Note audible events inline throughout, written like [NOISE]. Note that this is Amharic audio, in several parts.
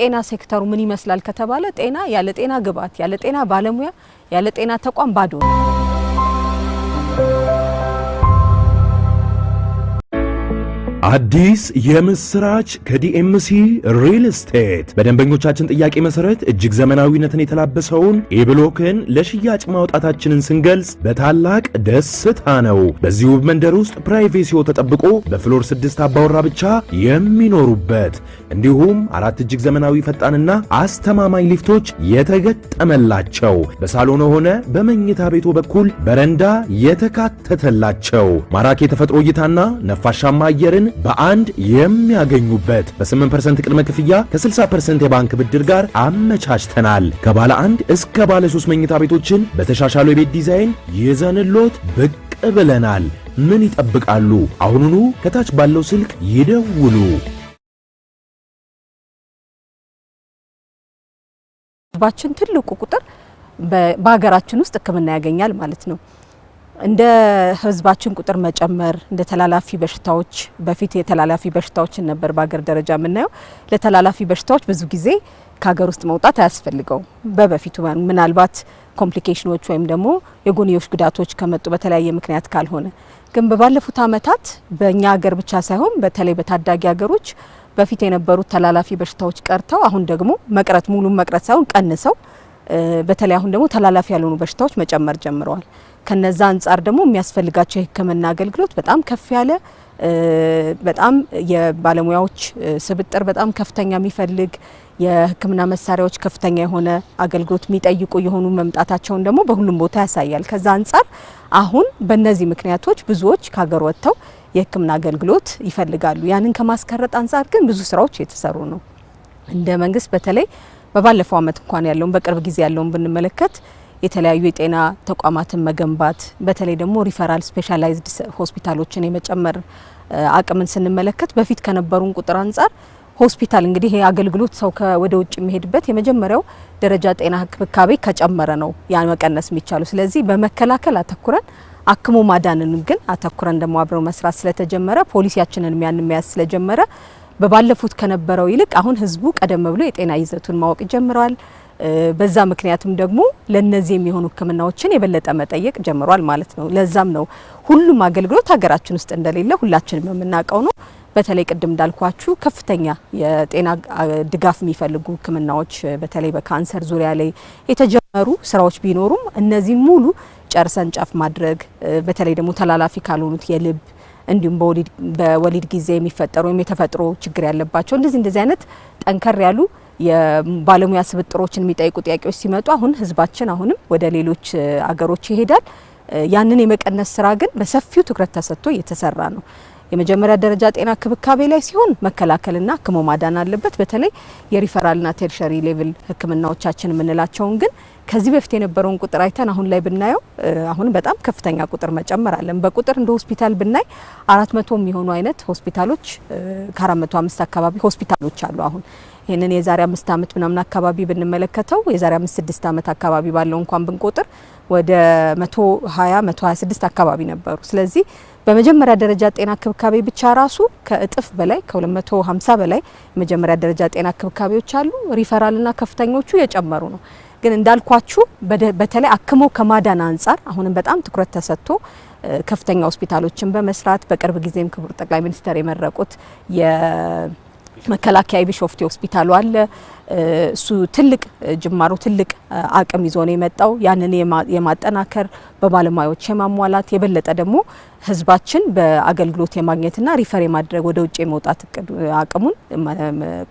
ጤና ሴክተሩ ምን ይመስላል ከተባለ ጤና ያለ ጤና ግብዓት፣ ያለ ጤና ባለሙያ፣ ያለ ጤና ተቋም ባዶ ነው። አዲስ የምስራች ከዲኤምሲ ሪል ስቴት በደንበኞቻችን ጥያቄ መሰረት እጅግ ዘመናዊነትን የተላበሰውን ኤብሎክን ለሽያጭ ማውጣታችንን ስንገልጽ በታላቅ ደስታ ነው። በዚሁ መንደር ውስጥ ፕራይቬሲዎ ተጠብቆ በፍሎር ስድስት አባወራ ብቻ የሚኖሩበት እንዲሁም አራት እጅግ ዘመናዊ ፈጣንና አስተማማኝ ሊፍቶች የተገጠመላቸው በሳሎን ሆነ በመኝታ ቤቶ በኩል በረንዳ የተካተተላቸው ማራኪ የተፈጥሮ እይታና ነፋሻማ አየርን በአንድ የሚያገኙበት በ8% ቅድመ ክፍያ ከ60% የባንክ ብድር ጋር አመቻችተናል። ከባለ አንድ እስከ ባለ 3 መኝታ ቤቶችን በተሻሻለው የቤት ዲዛይን ይዘንሎት ብቅ ብለናል። ምን ይጠብቃሉ? አሁኑኑ ከታች ባለው ስልክ ይደውሉ። ባችን ትልቁ ቁጥር በሀገራችን ውስጥ ሕክምና ያገኛል ማለት ነው። እንደ ህዝባችን ቁጥር መጨመር እንደ ተላላፊ በሽታዎች በፊት የተላላፊ በሽታዎችን ነበር በሀገር ደረጃ የምናየው። ለተላላፊ በሽታዎች ብዙ ጊዜ ከሀገር ውስጥ መውጣት አያስፈልገው በበፊቱ ምናልባት ኮምፕሊኬሽኖች ወይም ደግሞ የጎንዮሽ ጉዳቶች ከመጡ በተለያየ ምክንያት ካልሆነ ግን በባለፉት ዓመታት በእኛ ሀገር ብቻ ሳይሆን በተለይ በታዳጊ ሀገሮች በፊት የነበሩት ተላላፊ በሽታዎች ቀርተው አሁን ደግሞ መቅረት ሙሉም መቅረት ሳይሆን ቀንሰው በተለይ አሁን ደግሞ ተላላፊ ያልሆኑ በሽታዎች መጨመር ጀምረዋል። ከነዛ አንጻር ደግሞ የሚያስፈልጋቸው የሕክምና አገልግሎት በጣም ከፍ ያለ በጣም የባለሙያዎች ስብጥር በጣም ከፍተኛ የሚፈልግ የሕክምና መሳሪያዎች ከፍተኛ የሆነ አገልግሎት የሚጠይቁ የሆኑ መምጣታቸውን ደግሞ በሁሉም ቦታ ያሳያል። ከዛ አንጻር አሁን በእነዚህ ምክንያቶች ብዙዎች ከሀገር ወጥተው የሕክምና አገልግሎት ይፈልጋሉ። ያንን ከማስከረጥ አንጻር ግን ብዙ ስራዎች የተሰሩ ነው። እንደ መንግስት በተለይ በባለፈው ዓመት እንኳን ያለውን በቅርብ ጊዜ ያለውን ብንመለከት የተለያዩ የጤና ተቋማትን መገንባት በተለይ ደግሞ ሪፈራል ስፔሻላይዝድ ሆስፒታሎችን የመጨመር አቅምን ስንመለከት በፊት ከነበሩን ቁጥር አንጻር ሆስፒታል እንግዲህ ይሄ አገልግሎት ሰው ወደ ውጭ የሚሄድበት የመጀመሪያው ደረጃ ጤና ክብካቤ ከጨመረ ነው ያን መቀነስ የሚቻሉ። ስለዚህ በመከላከል አተኩረን አክሞ ማዳንን ግን አተኩረን ደግሞ አብረው መስራት ስለተጀመረ ፖሊሲያችንን ሚያን መያዝ ስለጀመረ በባለፉት ከነበረው ይልቅ አሁን ህዝቡ ቀደም ብሎ የጤና ይዘቱን ማወቅ ጀምረዋል በዛ ምክንያትም ደግሞ ለነዚህ የሚሆኑ ህክምናዎችን የበለጠ መጠየቅ ጀምሯል ማለት ነው። ለዛም ነው ሁሉም አገልግሎት ሀገራችን ውስጥ እንደሌለ ሁላችንም የምናውቀው ነው። በተለይ ቅድም እንዳልኳችሁ ከፍተኛ የጤና ድጋፍ የሚፈልጉ ህክምናዎች በተለይ በካንሰር ዙሪያ ላይ የተጀመሩ ስራዎች ቢኖሩም እነዚህ ሙሉ ጨርሰን ጫፍ ማድረግ በተለይ ደግሞ ተላላፊ ካልሆኑት የልብ እንዲሁም በወሊድ ጊዜ የሚፈጠሩ ወይም የተፈጥሮ ችግር ያለባቸው እንደዚህ እንደዚህ አይነት ጠንከር ያሉ የባለሙያ ስብጥሮችን የሚጠይቁ ጥያቄዎች ሲመጡ አሁን ህዝባችን አሁንም ወደ ሌሎች አገሮች ይሄዳል። ያንን የመቀነስ ስራ ግን በሰፊው ትኩረት ተሰጥቶ እየተሰራ ነው። የመጀመሪያ ደረጃ ጤና ክብካቤ ላይ ሲሆን መከላከልና ሕክሞ ማዳን አለበት። በተለይ የሪፈራልና ቴርሸሪ ሌቭል ህክምናዎቻችን የምንላቸውን ግን ከዚህ በፊት የነበረውን ቁጥር አይተን አሁን ላይ ብናየው አሁን በጣም ከፍተኛ ቁጥር መጨመር አለን። በቁጥር እንደ ሆስፒታል ብናይ አራት መቶ የሚሆኑ አይነት ሆስፒታሎች ከአራት መቶ አምስት አካባቢ ሆስፒታሎች አሉ አሁን ይህንን የዛሬ አምስት ዓመት ምናምን አካባቢ ብንመለከተው የዛሬ አምስት ስድስት ዓመት አካባቢ ባለው እንኳን ብንቆጥር ወደ መቶ ሀያ መቶ ሀያ ስድስት አካባቢ ነበሩ። ስለዚህ በመጀመሪያ ደረጃ ጤና ክብካቤ ብቻ ራሱ ከእጥፍ በላይ ከ250 በላይ የመጀመሪያ ደረጃ ጤና ክብካቤዎች አሉ። ሪፈራልና ከፍተኞቹ የጨመሩ ነው። ግን እንዳልኳችሁ በተለይ አክሞ ከማዳን አንጻር አሁንም በጣም ትኩረት ተሰጥቶ ከፍተኛ ሆስፒታሎችን በመስራት በቅርብ ጊዜም ክቡር ጠቅላይ ሚኒስተር የመረቁት መከላከያ ቢሾፍቴ ሆስፒታሉ አለ። እሱ ትልቅ ጅማሮ ትልቅ አቅም ይዞ ነው የመጣው። ያንን የማጠናከር በባለሙያዎች የማሟላት የበለጠ ደግሞ ህዝባችን በአገልግሎት የማግኘትና ሪፈር የማድረግ ወደ ውጭ የመውጣት አቅሙን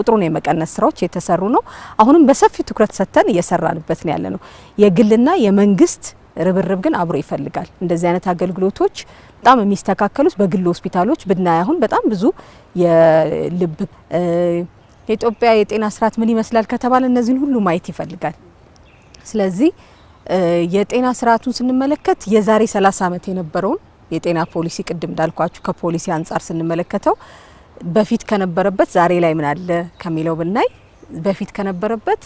ቁጥሩን የመቀነስ ስራዎች የተሰሩ ነው። አሁንም በሰፊ ትኩረት ሰጥተን እየሰራንበት ነው ያለ ነው የግልና የመንግስት ርብርብ ግን አብሮ ይፈልጋል። እንደዚህ አይነት አገልግሎቶች በጣም የሚስተካከሉት በግል ሆስፒታሎች ብናይ አሁን በጣም ብዙ የልብ የኢትዮጵያ የጤና ስርዓት ምን ይመስላል ከተባለ እነዚህን ሁሉ ማየት ይፈልጋል። ስለዚህ የጤና ስርዓቱን ስንመለከት የዛሬ 30 ዓመት የነበረውን የጤና ፖሊሲ ቅድም እንዳልኳችሁ ከፖሊሲ አንጻር ስንመለከተው በፊት ከነበረበት ዛሬ ላይ ምን አለ ከሚለው ብናይ በፊት ከነበረበት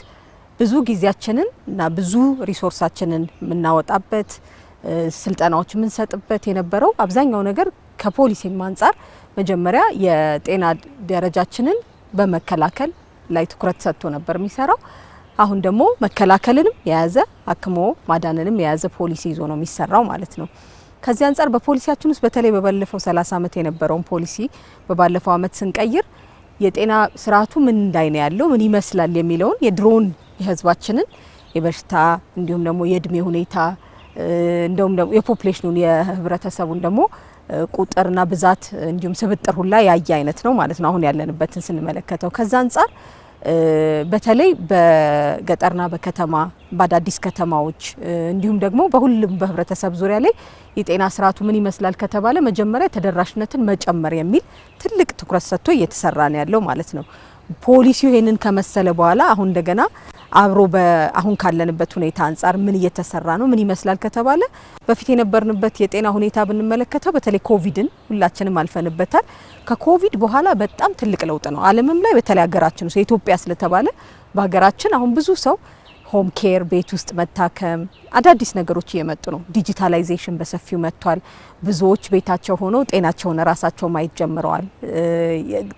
ብዙ ጊዜያችንን እና ብዙ ሪሶርሳችንን የምናወጣበት ስልጠናዎች የምንሰጥበት የነበረው አብዛኛው ነገር ከፖሊሲም አንጻር መጀመሪያ የጤና ደረጃችንን በመከላከል ላይ ትኩረት ሰጥቶ ነበር የሚሰራው። አሁን ደግሞ መከላከልንም የያዘ አክሞ ማዳንንም የያዘ ፖሊሲ ይዞ ነው የሚሰራው ማለት ነው። ከዚህ አንጻር በፖሊሲያችን ውስጥ በተለይ በባለፈው 30 ዓመት የነበረውን ፖሊሲ በባለፈው ዓመት ስንቀይር የጤና ስርዓቱ ምን ላይ ያለው ምን ይመስላል የሚለውን የድሮን? የህዝባችንን የበሽታ እንዲሁም ደግሞ የእድሜ ሁኔታ እንደውም ደግሞ የፖፕሌሽኑን የህብረተሰቡን ደግሞ ቁጥርና ብዛት እንዲሁም ስብጥር ሁላ ያየ አይነት ነው ማለት ነው። አሁን ያለንበትን ስንመለከተው ከዛ አንጻር በተለይ በገጠርና በከተማ በአዳዲስ ከተማዎች እንዲሁም ደግሞ በሁሉም በህብረተሰብ ዙሪያ ላይ የጤና ስርዓቱ ምን ይመስላል ከተባለ መጀመሪያ ተደራሽነትን መጨመር የሚል ትልቅ ትኩረት ሰጥቶ እየተሰራ ነው ያለው ማለት ነው። ፖሊሲው ይሄንን ከመሰለ በኋላ አሁን እንደገና አብሮ አሁን ካለንበት ሁኔታ አንጻር ምን እየተሰራ ነው፣ ምን ይመስላል ከተባለ በፊት የነበርንበት የጤና ሁኔታ ብንመለከተው በተለይ ኮቪድን ሁላችንም አልፈንበታል። ከኮቪድ በኋላ በጣም ትልቅ ለውጥ ነው። ዓለምም ላይ በተለይ ሀገራችን ውስጥ ኢትዮጵያ ስለተባለ በሀገራችን አሁን ብዙ ሰው ሆም ኬር ቤት ውስጥ መታከም አዳዲስ ነገሮች እየመጡ ነው። ዲጂታላይዜሽን በሰፊው መጥቷል። ብዙዎች ቤታቸው ሆኖ ጤናቸውን ራሳቸው ማየት ጀምረዋል።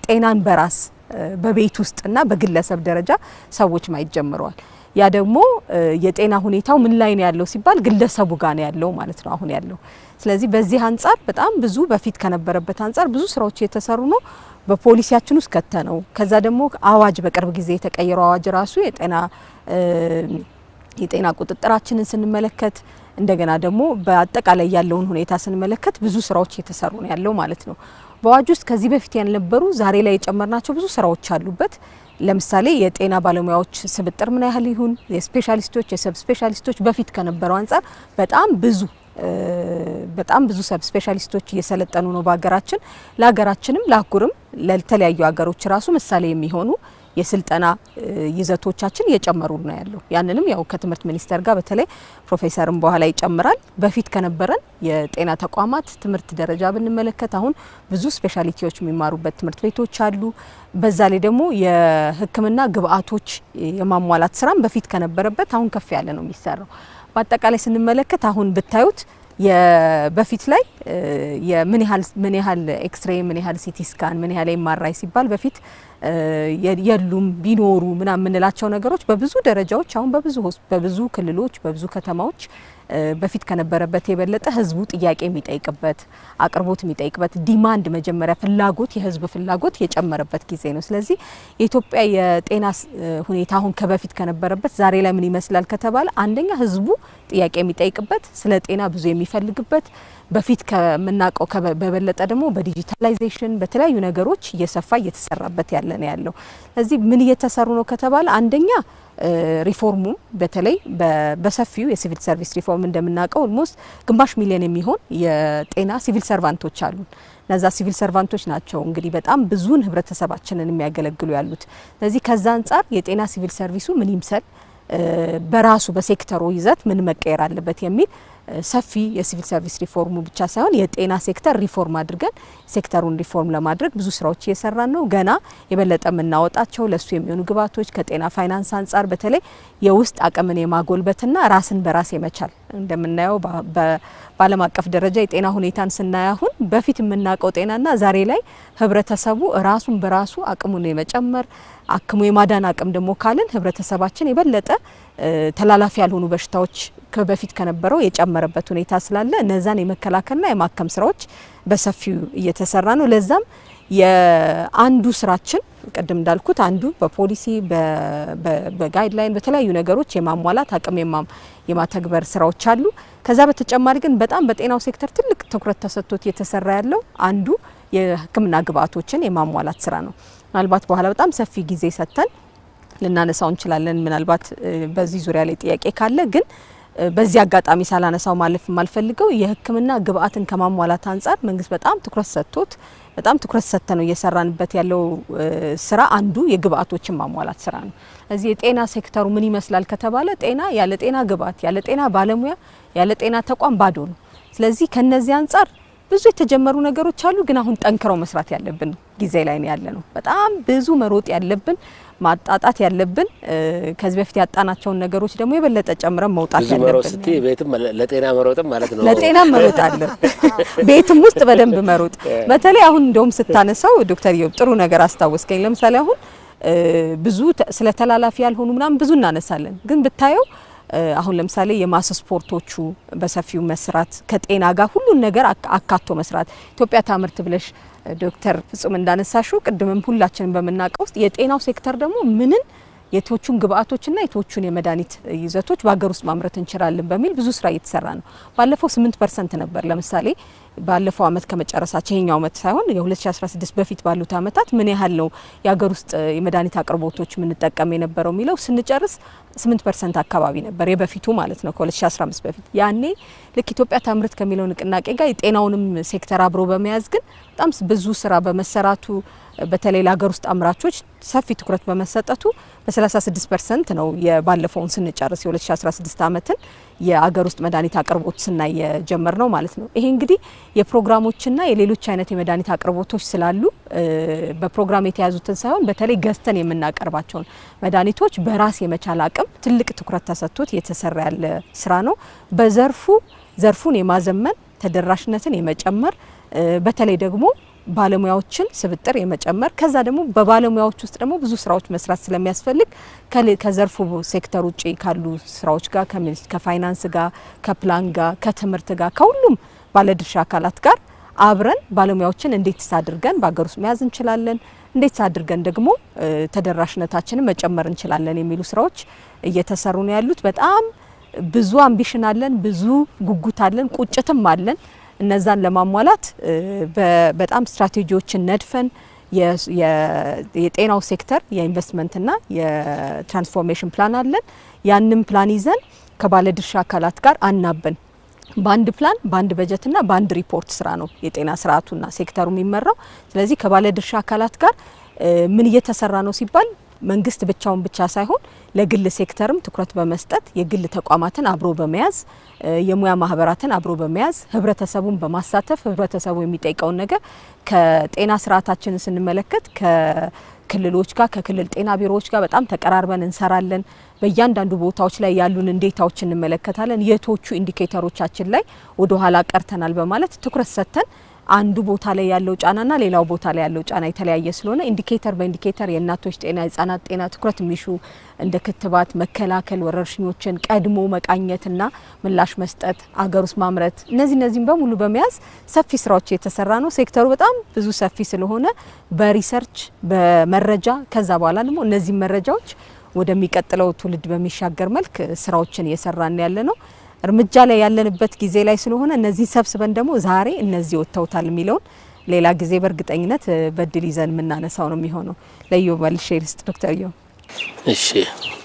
ጤናን በራስ በቤት ውስጥና በግለሰብ ደረጃ ሰዎች ማየት ጀምረዋል። ያ ደግሞ የጤና ሁኔታው ምን ላይ ነው ያለው ሲባል ግለሰቡ ጋር ነው ያለው ማለት ነው አሁን ያለው። ስለዚህ በዚህ አንጻር በጣም ብዙ በፊት ከነበረበት አንጻር ብዙ ስራዎች እየተሰሩ ነው። በፖሊሲያችን ውስጥ ከተ ነው። ከዛ ደግሞ አዋጅ በቅርብ ጊዜ የተቀየረው አዋጅ ራሱ የጤና የጤና ቁጥጥራችንን ስንመለከት እንደገና ደግሞ በአጠቃላይ ያለውን ሁኔታ ስንመለከት ብዙ ስራዎች እየተሰሩ ነው ያለው ማለት ነው። በአዋጅ ውስጥ ከዚህ በፊት ያልነበሩ ዛሬ ላይ የጨመርናቸው ብዙ ስራዎች አሉበት። ለምሳሌ የጤና ባለሙያዎች ስብጥር ምን ያህል ይሁን፣ የስፔሻሊስቶች የሰብ ስፔሻሊስቶች በፊት ከነበረው አንጻር በጣም ብዙ በጣም ብዙ ሰብ ስፔሻሊስቶች እየሰለጠኑ ነው በሀገራችን። ለሀገራችንም ለአህጉርም ለተለያዩ ሀገሮች ራሱ ምሳሌ የሚሆኑ የስልጠና ይዘቶቻችን እየጨመሩ ነው ያለው። ያንንም ያው ከትምህርት ሚኒስቴር ጋር በተለይ ፕሮፌሰርም በኋላ ይጨምራል። በፊት ከነበረን የጤና ተቋማት ትምህርት ደረጃ ብንመለከት አሁን ብዙ ስፔሻሊቲዎች የሚማሩበት ትምህርት ቤቶች አሉ። በዛ ላይ ደግሞ የሕክምና ግብአቶች የማሟላት ስራም በፊት ከነበረበት አሁን ከፍ ያለ ነው የሚሰራው። በአጠቃላይ ስንመለከት አሁን ብታዩት በፊት ላይ ምን ያህል ኤክስሬ፣ ምን ያህል ሲቲ ስካን፣ ምን ያህል ኤምአርአይ ሲባል በፊት የሉም ቢኖሩ ምናምን የምንላቸው ነገሮች በብዙ ደረጃዎች አሁን በብዙ በብዙ ክልሎች በብዙ ከተማዎች በፊት ከነበረበት የበለጠ ህዝቡ ጥያቄ የሚጠይቅበት አቅርቦት የሚጠይቅበት ዲማንድ መጀመሪያ ፍላጎት የህዝብ ፍላጎት የጨመረበት ጊዜ ነው። ስለዚህ የኢትዮጵያ የጤና ሁኔታ አሁን ከበፊት ከነበረበት ዛሬ ላይ ምን ይመስላል ከተባለ አንደኛ ህዝቡ ጥያቄ የሚጠይቅበት ስለ ጤና ብዙ የሚፈልግበት በፊት ከምናውቀው በበለጠ ደግሞ በዲጂታላይዜሽን በተለያዩ ነገሮች እየሰፋ እየተሰራበት ያለ ነው ያለው። ስለዚህ ምን እየተሰሩ ነው ከተባለ አንደኛ ሪፎርሙ በተለይ በሰፊው የሲቪል ሰርቪስ ሪፎርም እንደምናውቀው ኦልሞስት ግማሽ ሚሊዮን የሚሆን የጤና ሲቪል ሰርቫንቶች አሉ። እነዛ ሲቪል ሰርቫንቶች ናቸው እንግዲህ በጣም ብዙን ህብረተሰባችንን የሚያገለግሉ ያሉት። ስለዚህ ከዛ አንጻር የጤና ሲቪል ሰርቪሱ ምን ይምሰል በራሱ በሴክተሩ ይዘት ምን መቀየር አለበት የሚል ሰፊ የሲቪል ሰርቪስ ሪፎርሙ ብቻ ሳይሆን የጤና ሴክተር ሪፎርም አድርገን ሴክተሩን ሪፎርም ለማድረግ ብዙ ስራዎች እየሰራን ነው። ገና የበለጠ የምናወጣቸው ለሱ የሚሆኑ ግብዓቶች ከጤና ፋይናንስ አንጻር በተለይ የውስጥ አቅምን የማጎልበትና ራስን በራስ የመቻል እንደምናየው በዓለም አቀፍ ደረጃ የጤና ሁኔታን ስናይ አሁን በፊት የምናውቀው ጤናና ዛሬ ላይ ህብረተሰቡ ራሱን በራሱ አቅሙን የመጨመር አክሙ የማዳን አቅም ደግሞ ካልን ህብረተሰባችን የበለጠ ተላላፊ ያልሆኑ በሽታዎች በፊት ከነበረው የጨመረበት ሁኔታ ስላለ እነዛን የመከላከልና የማከም ስራዎች በሰፊው እየተሰራ ነው። ለዛም የአንዱ ስራችን ቅድም እንዳልኩት አንዱ በፖሊሲ በጋይድላይን በተለያዩ ነገሮች የማሟላት አቅም የማተግበር ስራዎች አሉ። ከዛ በተጨማሪ ግን በጣም በጤናው ሴክተር ትልቅ ትኩረት ተሰጥቶት እየተሰራ ያለው አንዱ የሕክምና ግብአቶችን የማሟላት ስራ ነው። ምናልባት በኋላ በጣም ሰፊ ጊዜ ሰጥተን ልናነሳው እንችላለን። ምናልባት በዚህ ዙሪያ ላይ ጥያቄ ካለ ግን በዚህ አጋጣሚ ሳላነሳው ማለፍ የማልፈልገው የሕክምና ግብአትን ከማሟላት አንጻር መንግስት በጣም ትኩረት ሰጥቶት በጣም ትኩረት ሰጥተ ነው እየሰራንበት ያለው ስራ አንዱ የግብአቶችን ማሟላት ስራ ነው። እዚህ የጤና ሴክተሩ ምን ይመስላል ከተባለ ጤና ያለ ጤና ግብአት፣ ያለ ጤና ባለሙያ፣ ያለ ጤና ተቋም ባዶ ነው። ስለዚህ ከነዚህ አንጻር ብዙ የተጀመሩ ነገሮች አሉ፣ ግን አሁን ጠንክረው መስራት ያለብን ጊዜ ላይ ያለ ነው። በጣም ብዙ መሮጥ ያለብን ማጣጣት ያለብን ከዚህ በፊት ያጣናቸውን ነገሮች ደግሞ የበለጠ ጨምረን መውጣት ያለብን። ቤትም ለጤና መሮጥም ማለት ነው። ለጤና መሮጥ አለ ቤትም ውስጥ በደንብ መሮጥ። [LAUGHS] በተለይ አሁን እንደውም ስታነሳው ዶክተር ኢዮብ ጥሩ ነገር አስታወስከኝ። ለምሳሌ አሁን ብዙ ስለ ተላላፊ ያልሆኑ ምናምን ብዙ እናነሳለን፣ ግን ብታየው አሁን ለምሳሌ የማስ ስፖርቶቹ በሰፊው መስራት ከጤና ጋር ሁሉን ነገር አካቶ መስራት ኢትዮጵያ ታምርት ብለሽ ዶክተር ፍጹም እንዳነሳሹ ቅድምም ሁላችንም በምናውቀው ውስጥ የጤናው ሴክተር ደግሞ ምንን የቶቹን ግብአቶችና የቶቹን የመድኃኒት ይዘቶች በሀገር ውስጥ ማምረት እንችላለን በሚል ብዙ ስራ እየተሰራ ነው። ባለፈው ስምንት ፐርሰንት ነበር ለምሳሌ ባለፈው አመት ከመጨረሳችን ይሄኛው አመት ሳይሆን የ2016 በፊት ባሉት አመታት ምን ያህል ነው የሀገር ውስጥ የመድኃኒት አቅርቦቶች የምንጠቀም የነበረው የሚለው ስንጨርስ 8 ፐርሰንት አካባቢ ነበር የበፊቱ ማለት ነው። ከ2015 በፊት ያኔ ልክ ኢትዮጵያ ታምርት ከሚለው ንቅናቄ ጋር የጤናውንም ሴክተር አብሮ በመያዝ ግን በጣም ብዙ ስራ በመሰራቱ በተለይ ለሀገር ውስጥ አምራቾች ሰፊ ትኩረት በመሰጠቱ በ36 ፐርሰንት ነው የባለፈውን ስንጨርስ የ2016 አመትን የአገር ውስጥ መድኃኒት አቅርቦት ስናይ የጀመር ነው ማለት ነው። ይሄ እንግዲህ የፕሮግራሞችና የሌሎች አይነት የመድኃኒት አቅርቦቶች ስላሉ በፕሮግራም የተያዙትን ሳይሆን በተለይ ገዝተን የምናቀርባቸውን መድኃኒቶች በራስ የመቻል አቅም ትልቅ ትኩረት ተሰጥቶት የተሰራ ያለ ስራ ነው። በዘርፉ ዘርፉን የማዘመን ተደራሽነትን የመጨመር በተለይ ደግሞ ባለሙያዎችን ስብጥር የመጨመር ከዛ ደግሞ በባለሙያዎች ውስጥ ደግሞ ብዙ ስራዎች መስራት ስለሚያስፈልግ ከዘርፉ ሴክተር ውጭ ካሉ ስራዎች ጋር ከፋይናንስ ጋር ከፕላን ጋር ከትምህርት ጋር ከሁሉም ባለድርሻ አካላት ጋር አብረን ባለሙያዎችን እንዴት አድርገን በሀገር ውስጥ መያዝ እንችላለን፣ እንዴት አድርገን ደግሞ ተደራሽነታችንን መጨመር እንችላለን የሚሉ ስራዎች እየተሰሩ ነው ያሉት። በጣም ብዙ አምቢሽን አለን፣ ብዙ ጉጉት አለን፣ ቁጭትም አለን። እነዛን ለማሟላት በጣም ስትራቴጂዎችን ነድፈን የጤናው ሴክተር የኢንቨስትመንትና የትራንስፎርሜሽን ፕላን አለን። ያንም ፕላን ይዘን ከባለድርሻ አካላት ጋር አናበን በአንድ ፕላን በአንድ በጀት እና በአንድ ሪፖርት ስራ ነው የጤና ስርዓቱና ሴክተሩ የሚመራው። ስለዚህ ከባለድርሻ አካላት ጋር ምን እየተሰራ ነው ሲባል መንግስት ብቻውን ብቻ ሳይሆን ለግል ሴክተርም ትኩረት በመስጠት የግል ተቋማትን አብሮ በመያዝ የሙያ ማህበራትን አብሮ በመያዝ ህብረተሰቡን በማሳተፍ ህብረተሰቡ የሚጠይቀውን ነገር ከጤና ስርዓታችንን ስንመለከት ክልሎች ጋር ከክልል ጤና ቢሮዎች ጋር በጣም ተቀራርበን እንሰራለን። በእያንዳንዱ ቦታዎች ላይ ያሉን እንዴታዎች እንመለከታለን። የቶቹ ኢንዲኬተሮቻችን ላይ ወደ ኋላ ቀርተናል በማለት ትኩረት ሰጥተን አንዱ ቦታ ላይ ያለው ጫናና ሌላው ቦታ ላይ ያለው ጫና የተለያየ ስለሆነ ኢንዲኬተር በኢንዲኬተር የእናቶች ጤና፣ የህጻናት ጤና ትኩረት የሚሹ እንደ ክትባት፣ መከላከል፣ ወረርሽኞችን ቀድሞ መቃኘትና ምላሽ መስጠት፣ አገር ውስጥ ማምረት እነዚህ እነዚህም በሙሉ በመያዝ ሰፊ ስራዎች የተሰራ ነው። ሴክተሩ በጣም ብዙ ሰፊ ስለሆነ በሪሰርች በመረጃ ከዛ በኋላ ደግሞ እነዚህ መረጃዎች ወደሚቀጥለው ትውልድ በሚሻገር መልክ ስራዎችን እየሰራን ያለ ነው። እርምጃ ላይ ያለንበት ጊዜ ላይ ስለሆነ እነዚህ ሰብስበን ደግሞ ዛሬ እነዚህ ወጥተውታል የሚለውን ሌላ ጊዜ በእርግጠኝነት በድል ይዘን የምናነሳው ነው የሚሆነው። ለዮ መልሼ ልስጥ ዶክተር ዮ እሺ